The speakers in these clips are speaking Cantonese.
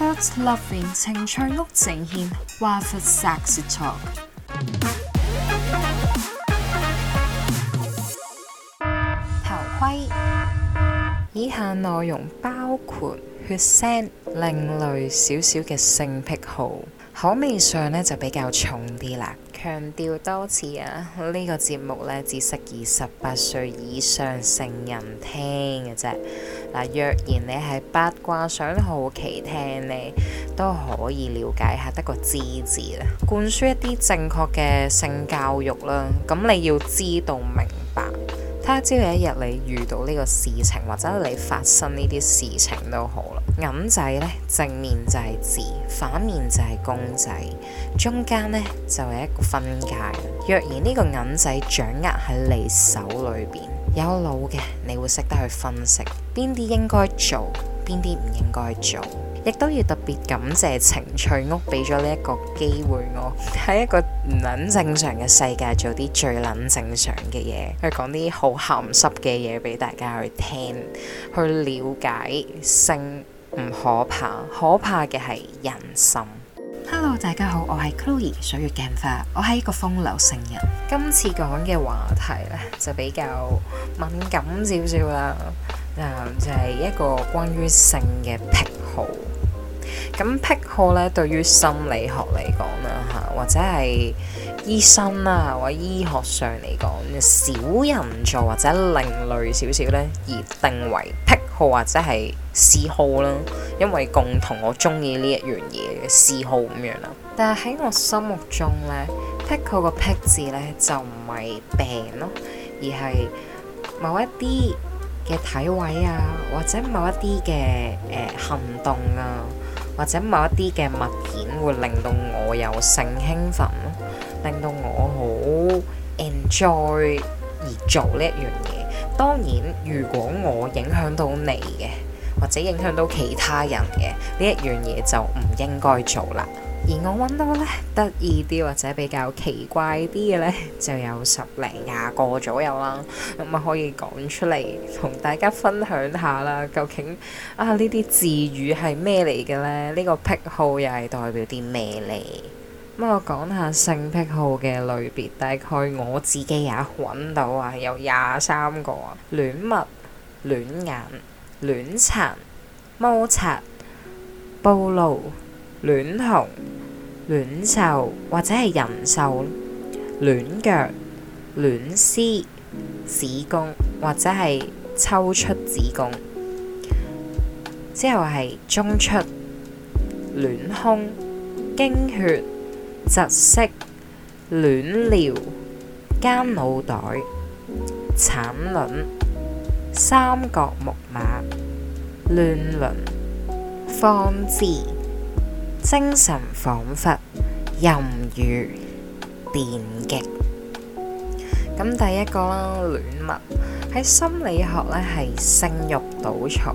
《Love In 情趣屋》呈現華服 sexy talk 頭盔。以下內容包括血腥、另類、少少嘅性癖好，口味上呢就比較重啲啦。強調多次啊，呢、呢個節目呢只適宜十八歲以上成人聽嘅啫。嗱，若然你係八卦想好奇聽你都可以了解下得個知字啦，灌輸一啲正確嘅性教育啦。咁你要知道明白，他朝有一日你遇到呢個事情或者你發生呢啲事情都好啦。銀仔呢正面就係字，反面就係公仔，中間呢就係一個分界。若然呢個銀仔掌握喺你手裏邊。有腦嘅，你會識得去分析邊啲應該做，邊啲唔應該做，亦都要特別感謝晴趣屋俾咗呢一個機會我喺一個唔撚正常嘅世界做啲最撚正常嘅嘢，去講啲好鹹濕嘅嘢俾大家去聽，去了解性唔可怕，可怕嘅係人心。Hello，大家好，我係 Chloe 水月鏡花，我係一個風流聖人。今次講嘅話題呢，就比較敏感少少啦，就係、是、一個關於性嘅癖好。咁癖好呢，對於心理學嚟講啦吓，或者係醫生啊或者醫學上嚟講，少人做或者另類少少呢，而定為癖好。或或者係嗜好啦，因為共同我中意呢一樣嘢嘅嗜好咁樣啦。但係喺我心目中咧，癖好個癖字咧就唔係病咯，而係某一啲嘅體位啊，或者某一啲嘅誒行動啊，或者某一啲嘅物件會令到我有性興奮咯，令到我好 enjoy 而做呢一樣嘢。當然，如果我影響到你嘅，或者影響到其他人嘅呢一樣嘢，就唔應該做啦。而我揾到呢得意啲或者比較奇怪啲嘅呢，就有十零廿個左右啦，咁啊可以講出嚟同大家分享下啦。究竟啊呢啲字語係咩嚟嘅呢？呢個癖好又係代表啲咩呢？咁我講下性癖好嘅類別，大概我自己也揾到啊，有廿三個啊：戀物、戀眼、戀殘、摩擦、暴露、戀紅、戀獸或者係人獸、戀腳、戀絲、子宮或者係抽出子宮，之後係中出、戀胸、經血。窒息、戀尿、奸腦袋、產卵、三角木馬、亂倫、放肆、精神恍惚、淫欲、電極。咁第一個啦，戀物喺心理學咧，係性欲。收藏，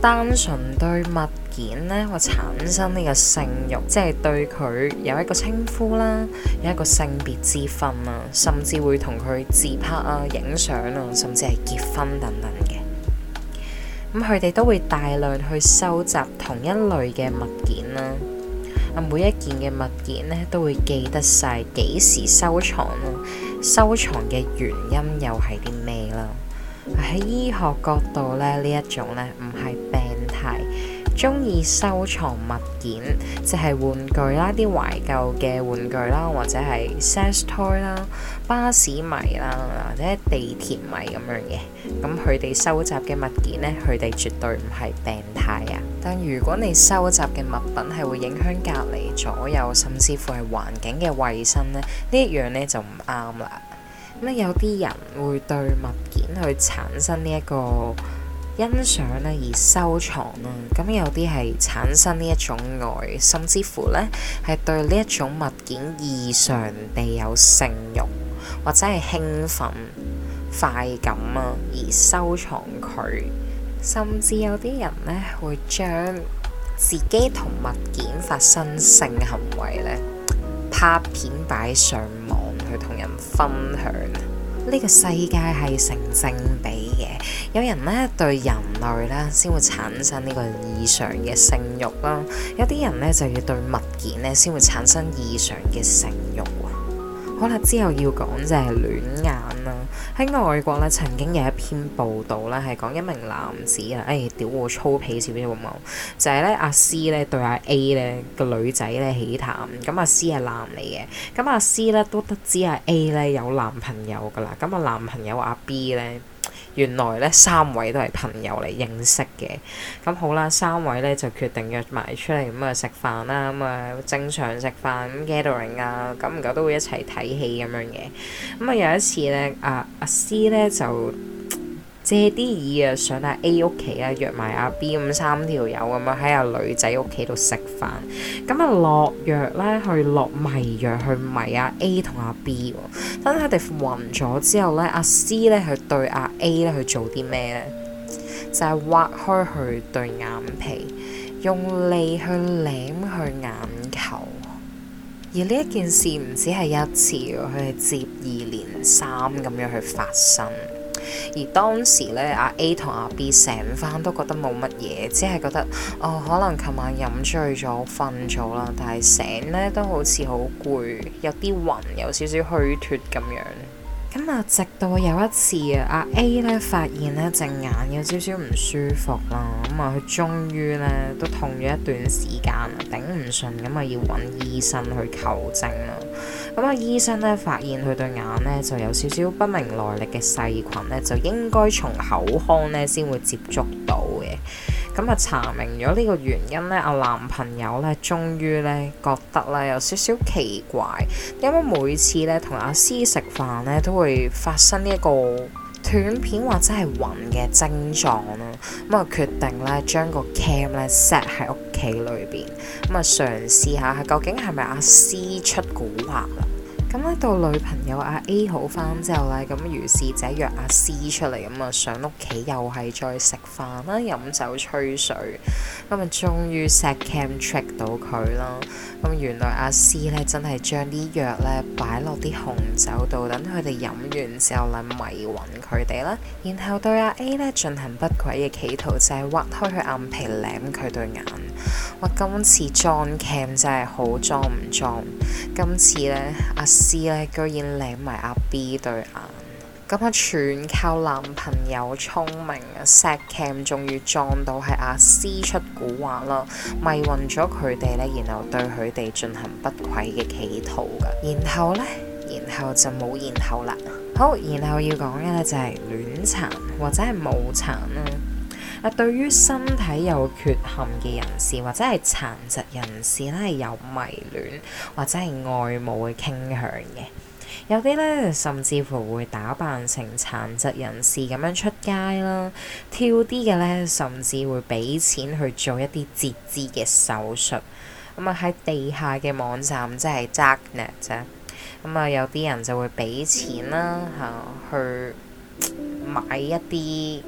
單純對物件呢我產生呢個性慾，即係對佢有一個稱呼啦，有一個性別之分啊，甚至會同佢自拍啊、影相啊，甚至係結婚等等嘅。咁佢哋都會大量去收集同一類嘅物件啦。每一件嘅物件呢，都會記得晒幾時收藏啦、啊，收藏嘅原因又係啲咩啦？喺醫學角度咧，呢一種咧唔係病態。鍾意收藏物件，即係玩具啦，啲懷舊嘅玩具啦，或者係 set toy 啦、巴士迷啦，或者地鐵迷咁樣嘅。咁佢哋收集嘅物件呢，佢哋絕對唔係病態啊。但如果你收集嘅物品係會影響隔離左右，甚至乎係環境嘅衛生呢，呢一樣呢就唔啱啦。咁有啲人會對物件去產生呢一個欣賞咧，而收藏啦。咁有啲係產生呢一種愛，甚至乎咧係對呢一種物件異常地有性欲或者係興奮快感啊，而收藏佢。甚至有啲人咧會將自己同物件發生性行為咧拍片擺上。去同人分享呢、這個世界係成正比嘅，有人呢對人類呢先會產生呢個異常嘅性慾啦，有啲人呢就要對物件呢先會產生異常嘅性慾啊！好啦，之後要講就係戀眼啦。喺外國咧，曾經有一篇報道咧，係講一名男子啊，誒、哎、屌我粗鄙少少冇，就係咧阿 C 咧對阿 A 咧個女仔咧起痰，咁、啊、阿 C 係男嚟嘅，咁、啊、阿 C 咧都得知阿、啊、A 咧有男朋友㗎喇，咁、啊、阿男朋友阿、啊、B 咧。原來咧三位都係朋友嚟認識嘅，咁好啦，三位咧就決定約埋出嚟咁啊食飯啦，咁、嗯、啊、嗯嗯、正常食飯，嗯，gathering 啊，咁久唔久都會一齊睇戲咁樣嘅，咁啊有一次咧，阿、啊、阿、啊、C 咧就。借啲意啊，上阿 A 屋企啊，約埋阿 B 咁三條友咁樣喺阿女仔屋企度食飯。咁啊，落藥啦，去落迷藥去迷阿 A 同阿 B。等佢哋暈咗之後咧，阿 C 咧去對阿 A 咧去做啲咩咧？就係、是、挖開佢對眼皮，用脷去舐佢眼球。而呢一件事唔止係一次，佢係接二連三咁樣去發生。而當時咧，阿 A 同阿 B 醒翻都覺得冇乜嘢，只係覺得哦，可能琴晚飲醉咗、瞓咗啦，但係醒咧都好似好攰，有啲暈，有少少虛脫咁樣。咁啊，直到有一次啊，阿 A 咧發現咧隻眼有少少唔舒服啦，咁啊，佢終於咧都痛咗一段時間，頂唔順咁啊，要揾醫生去求證啦。咁啊，醫生咧發現佢對眼咧就有少少不明來歷嘅細菌咧，就應該從口腔咧先會接觸到嘅。咁啊，查明咗呢個原因咧，阿男朋友咧終於咧覺得咧有少少奇怪，因為每次咧同阿 C 食飯咧都會發生呢一個。斷片或者係暈嘅症狀啦，咁啊決定咧將個 cam 咧 set 喺屋企裏邊，咁啊嘗試下究竟係咪阿 C 出古惑啊？咁呢到女朋友阿 A, A 好返之後呢，咁於是就約阿 C 出嚟，咁啊上屋企又係再食飯啦、飲酒吹水，咁啊終於 set cam check 到佢啦。咁原來阿 C 呢，真係將啲藥呢擺落啲紅酒度，等佢哋飲完之後呢迷暈佢哋啦。然後對阿 A 呢，進行不軌嘅企圖，就係挖開佢眼皮舐佢對眼。我今次撞 cam 真係好撞唔撞？今次呢，阿 C 呢居然舔埋阿 B 對眼，咁啊全靠男朋友聰明啊！錫 cam 仲要撞到係阿 C 出蠱惑啦，迷暈咗佢哋呢，然後對佢哋進行不軌嘅企圖噶。然後呢，然後就冇然後啦。好，然後要講嘅呢，就係戀殘或者係無殘啦。嗱，對於身體有缺陷嘅人士或者係殘疾人士咧，有迷戀或者係愛慕嘅傾向嘅，有啲咧甚至乎會打扮成殘疾人士咁樣出街啦，跳啲嘅咧甚至會俾錢去做一啲截肢嘅手術，咁啊喺地下嘅網站即係 Darknet 啫，咁啊有啲人就會俾錢啦嚇去買一啲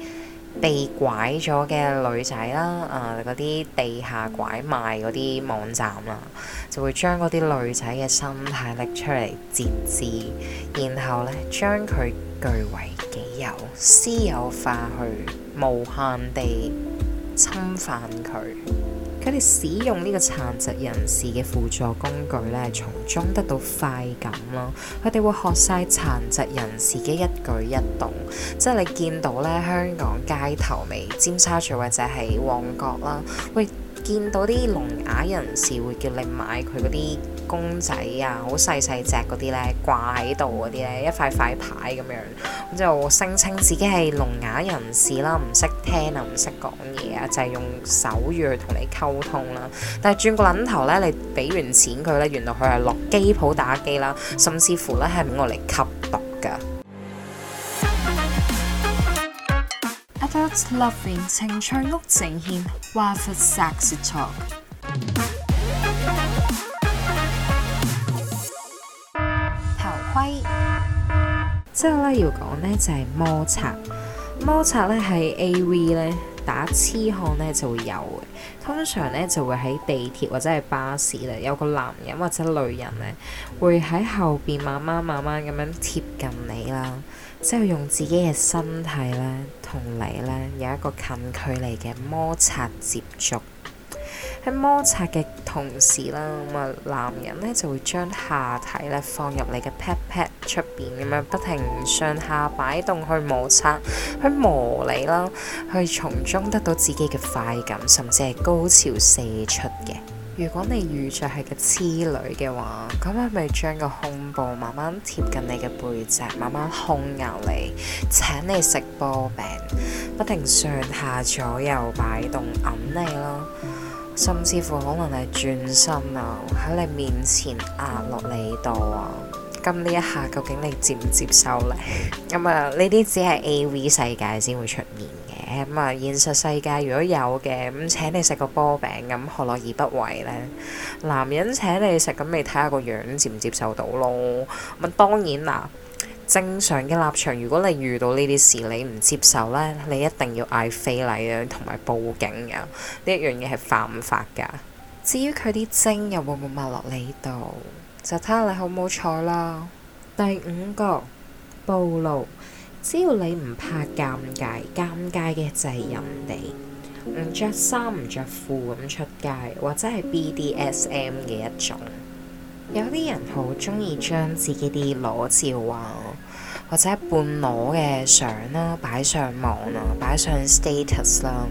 被拐咗嘅女仔啦，啊、呃，嗰啲地下拐賣嗰啲網站啊，就會將嗰啲女仔嘅身體拎出嚟截肢，然後呢，將佢據為己有，私有化去無限地侵犯佢。佢哋使用呢個殘疾人士嘅輔助工具咧，從中得到快感咯。佢哋會學晒殘疾人士嘅一舉一動，即係你見到咧，香港街頭尾、尖沙咀或者係旺角啦，會，見到啲聾啞人士會叫你買佢嗰啲。公仔啊，好細細隻嗰啲呢，掛喺度嗰啲呢，一塊塊牌咁樣，就聲稱自己係聾啞人士啦，唔識聽啊，唔識講嘢啊，就係用手語去同你溝通啦。但係轉個撚頭呢，你俾完錢佢呢，原來佢係落機舖打機啦，甚至乎呢係攞嚟吸毒㗎。Adult Loving 晴趣屋呈獻，話術 Sexy Talk。之後咧要講呢就係摩擦，摩擦咧喺 A.V. 咧打痴漢咧就會有嘅，通常呢就會喺地鐵或者係巴士啦，有個男人或者女人咧會喺後邊慢慢慢慢咁樣貼近你啦，即係用自己嘅身體咧同你咧有一個近距離嘅摩擦接觸。喺摩擦嘅同時啦，咁啊，男人咧就會將下體咧放入你嘅 pat pat 出邊，咁樣不停上下擺動去摩擦，去磨你啦，去從中得到自己嘅快感，甚至係高潮四出嘅。如果你遇着係個痴女嘅話，咁佢咪將個胸部慢慢貼近你嘅背脊，慢慢控入你，請你食波餅，不停上下左右擺動揞你咯。甚至乎可能係轉身啊，喺你面前壓落你度啊，咁呢一下究竟你接唔接受呢？咁 啊、嗯，呢啲只係 AV 世界先會出現嘅，咁、嗯、啊現實世界如果有嘅，咁、嗯、請你食個波餅，咁、嗯、何樂而不為呢？男人請你食，咁、嗯、你睇下個樣接唔接受到咯？咁、嗯、當然啦。正常嘅立場，如果你遇到呢啲事，你唔接受呢，你一定要嗌非禮啊，同埋報警啊，呢一樣嘢係犯法㗎。至於佢啲精又會唔會抹落你度，就睇下你好唔好彩啦。第五個暴露，只要你唔怕尷尬，尷尬嘅就係人哋唔着衫唔着褲咁出街，或者係 BDSM 嘅一種。有啲人好鍾意將自己啲裸照啊～或者半裸嘅相啦，擺上網啊，擺上 status 啦。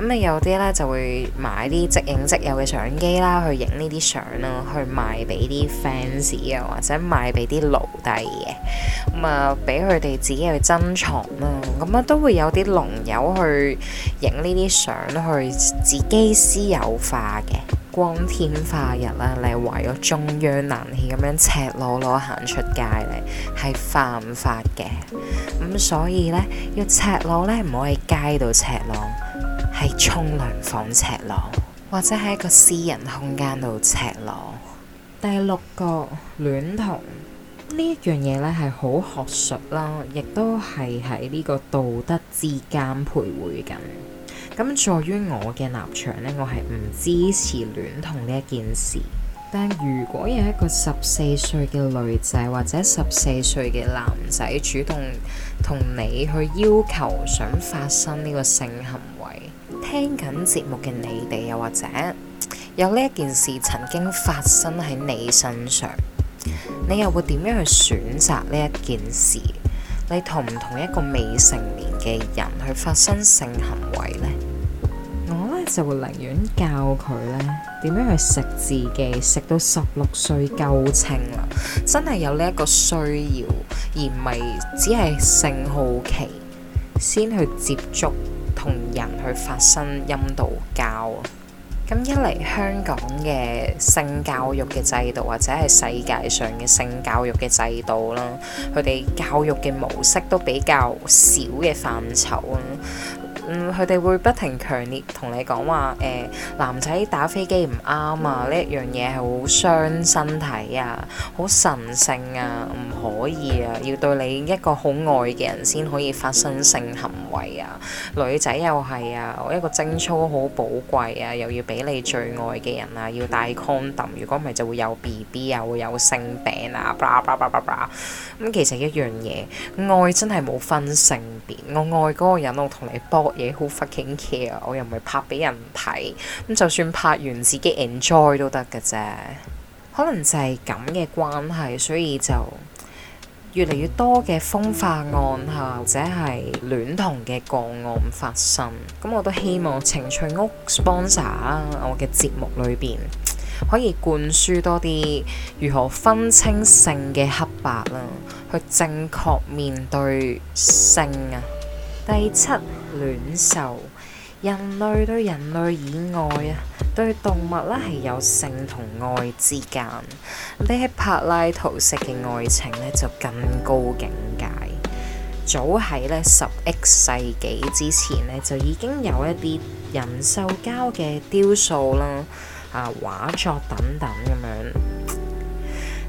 咁啊，有啲咧就會買啲即影即有嘅相機啦，去影呢啲相啦，去賣俾啲 fans 啊，或者賣俾啲奴隸嘅。咁啊，俾佢哋自己去珍藏啦。咁啊，都會有啲龍友去影呢啲相去自己私有化嘅。光天化日啦，你為咗中央冷氣咁樣赤裸裸行出街嚟，係犯法嘅。咁所以呢，要赤裸呢，唔可以街度赤裸，係沖涼房赤裸，或者喺個私人空間度赤裸。第六個戀童呢一樣嘢呢，係好學術啦，亦都係喺呢個道德之間徘徊緊。咁在於我嘅立場呢，我係唔支持戀童呢一件事。但如果有一個十四歲嘅女仔或者十四歲嘅男仔主動同你去要求想發生呢個性行為，聽緊節目嘅你哋又或者有呢一件事曾經發生喺你身上，你又會點樣去選擇呢一件事？你同唔同一個未成年嘅人去發生性行為呢？就會寧願教佢咧點樣去食自己，食到十六歲夠秤啦，真係有呢一個需要，而唔係只係性好奇先去接觸同人去發生陰道交。咁一嚟香港嘅性教育嘅制度，或者係世界上嘅性教育嘅制度啦，佢哋教育嘅模式都比較少嘅範疇啊。嗯，佢哋會不停強烈同你講話，誒、欸、男仔打飛機唔啱啊！呢一樣嘢係好傷身體啊，好神性聖啊，唔可以啊，要對你一個好愛嘅人先可以發生性行為啊。女仔又係啊，我一個貞操好寶貴啊，又要俾你最愛嘅人啊，要戴 condom，如果唔係就會有 B B 啊，會有性病啊，巴拉巴拉巴拉。咁、嗯、其實一樣嘢，愛真係冇分性別，我愛嗰個人我，我同你搏。嘢好 fucking care，我又唔係拍俾人睇，咁就算拍完自己 enjoy 都得嘅啫。可能就係咁嘅關係，所以就越嚟越多嘅風化案啊，或者係戀童嘅個案發生。咁我都希望晴趣屋 sponsor 啦，我嘅節目裏邊可以灌輸多啲如何分清性嘅黑白啦、啊，去正確面對性啊。第七戀，獸，人類對人類以外啊，對動物咧係有性同愛之間。比起柏拉圖式嘅愛情咧，就更高境界。早喺咧十億世紀之前咧，就已經有一啲人獸交嘅雕塑啦、啊畫作等等咁樣。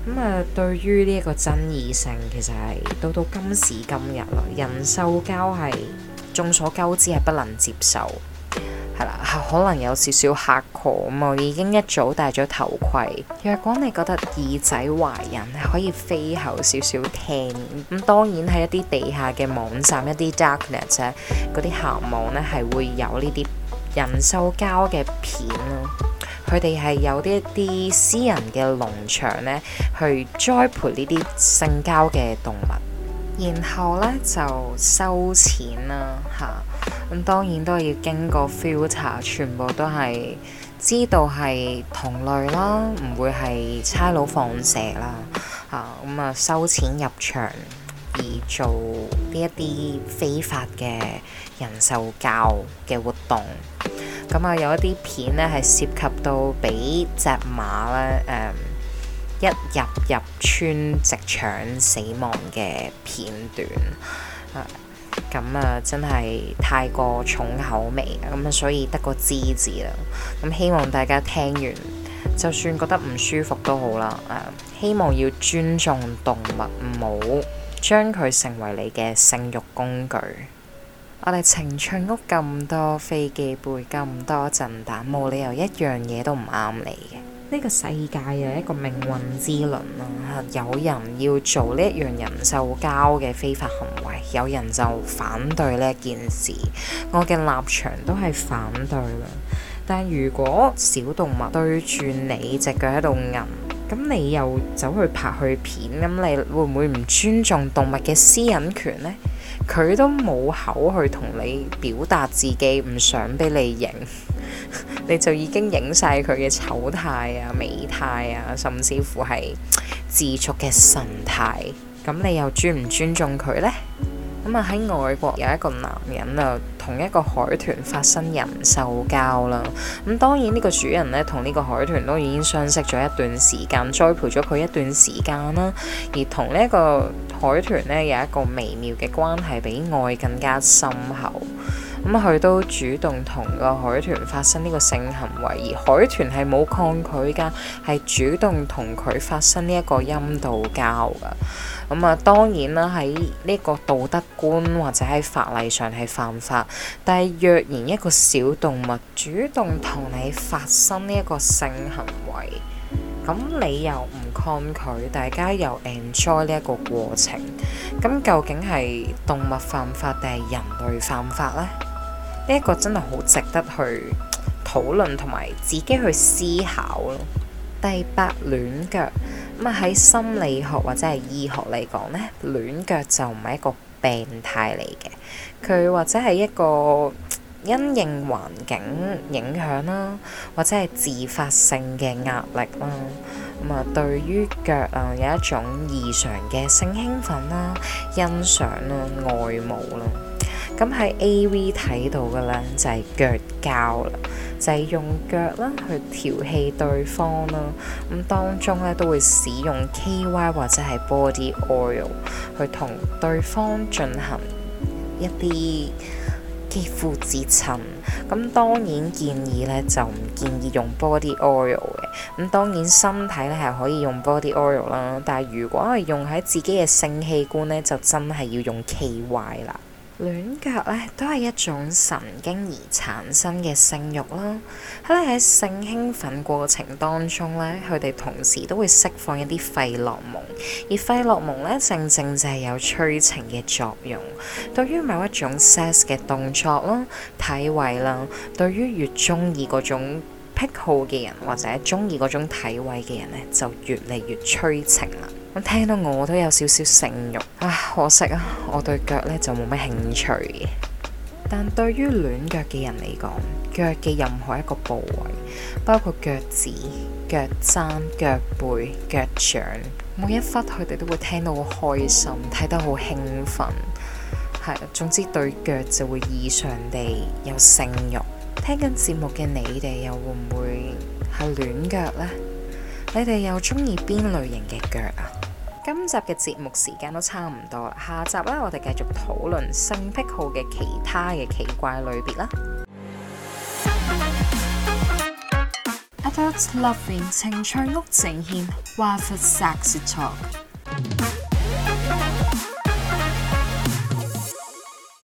咁啊、嗯，對於呢一個爭議性，其實係到到今時今日咯，人獸交係眾所周知係不能接受，係啦，可能有少少嚇狂 a l 啊已經一早戴咗頭盔。若果你覺得耳仔懷人，可以飛後少少聽，咁當然係一啲地下嘅網站，一啲 darknet 啊，嗰啲鹹網呢，係會有呢啲人獸交嘅片咯。佢哋係有啲一啲私人嘅農場咧，去栽培呢啲性交嘅動物，然後咧就收錢啦，嚇、啊！咁當然都係要經過 filter，全部都係知道係同類啦，唔會係差佬放蛇啦，嚇、啊！咁啊收錢入場而做呢一啲非法嘅人獸交嘅活動。咁啊、嗯，有一啲片咧係涉及到俾隻馬咧誒、嗯，一入入村直腸死亡嘅片段，咁、嗯、啊、嗯嗯，真係太過重口味咁啊、嗯，所以得個知字啦。咁、嗯、希望大家聽完，就算覺得唔舒服都好啦、嗯。希望要尊重動物，唔好將佢成為你嘅性慾工具。我哋情趣屋咁多飛機杯咁多震蛋，冇理由一樣嘢都唔啱你嘅。呢個世界有一個命運之輪啦，有人要做呢一樣人獸交嘅非法行為，有人就反對呢一件事。我嘅立場都係反對啦。但如果小動物對住你隻腳喺度吟，咁你又走去拍去片，咁你會唔會唔尊重動物嘅私隱權呢？佢都冇口去同你表達自己唔想俾你影， 你就已經影晒佢嘅醜態啊、美態啊，甚至乎係自慄嘅神態。咁你又尊唔尊重佢呢？咁啊喺外國有一個男人啊，同一個海豚發生人獸交啦。咁當然呢個主人呢，同呢個海豚都已經相識咗一段時間，栽培咗佢一段時間啦，而同呢一個海豚呢，有一個微妙嘅關係，比愛更加深厚。咁、嗯、佢都主動同個海豚發生呢個性行為，而海豚係冇抗拒噶，係主動同佢發生呢一個陰道交噶。咁、嗯、啊，當然啦，喺呢個道德觀或者喺法例上係犯法，但係若然一個小動物主動同你發生呢一個性行為，咁你又唔抗拒，大家又 enjoy 呢一個過程，咁究竟係動物犯法定係人類犯法呢？呢一個真係好值得去討論同埋自己去思考咯。第八，戀腳，咁喺心理學或者係醫學嚟講呢，戀腳就唔係一個病態嚟嘅，佢或者係一個。因應環境影響啦，或者係自發性嘅壓力啦，咁啊對於腳啊有一種異常嘅性興奮啦、欣賞啦、愛慕啦，咁喺 A.V. 睇到嘅咧就係腳交啦，就係用腳啦去調戲對方啦，咁當中咧都會使用 KY 或者係 body oil 去同對方進行一啲肌膚之親，咁當然建議呢就唔建議用 body oil 嘅，咁當然身體呢係可以用 body oil 啦，但係如果係用喺自己嘅性器官呢，就真係要用 KY 啦。戀腳咧都係一種神經而產生嘅性慾啦，喺你喺性興奮過程當中咧，佢哋同時都會釋放一啲費洛蒙，而費洛蒙咧正正就係有催情嘅作用，對於某一種 sex 嘅動作啦、體位啦，對於越中意嗰種癖好嘅人或者中意嗰種體位嘅人呢，就越嚟越催情啦。咁聽到我，我都有少少性慾，唉，可惜啊，我對腳呢就冇乜興趣嘅。但對於戀腳嘅人嚟講，腳嘅任何一個部位，包括腳趾、腳踭、腳背、腳掌，每一忽佢哋都會聽到好開心，睇得好興奮，係。總之對腳就會異常地有性慾。聽緊節目嘅你哋又會唔會係戀腳呢？你哋又中意邊類型嘅腳啊？今集嘅節目時間都差唔多啦，下集呢我哋繼續討論性癖好嘅其他嘅奇怪類別啦。Adults loving 情趣屋呈現，話術 sexy talk。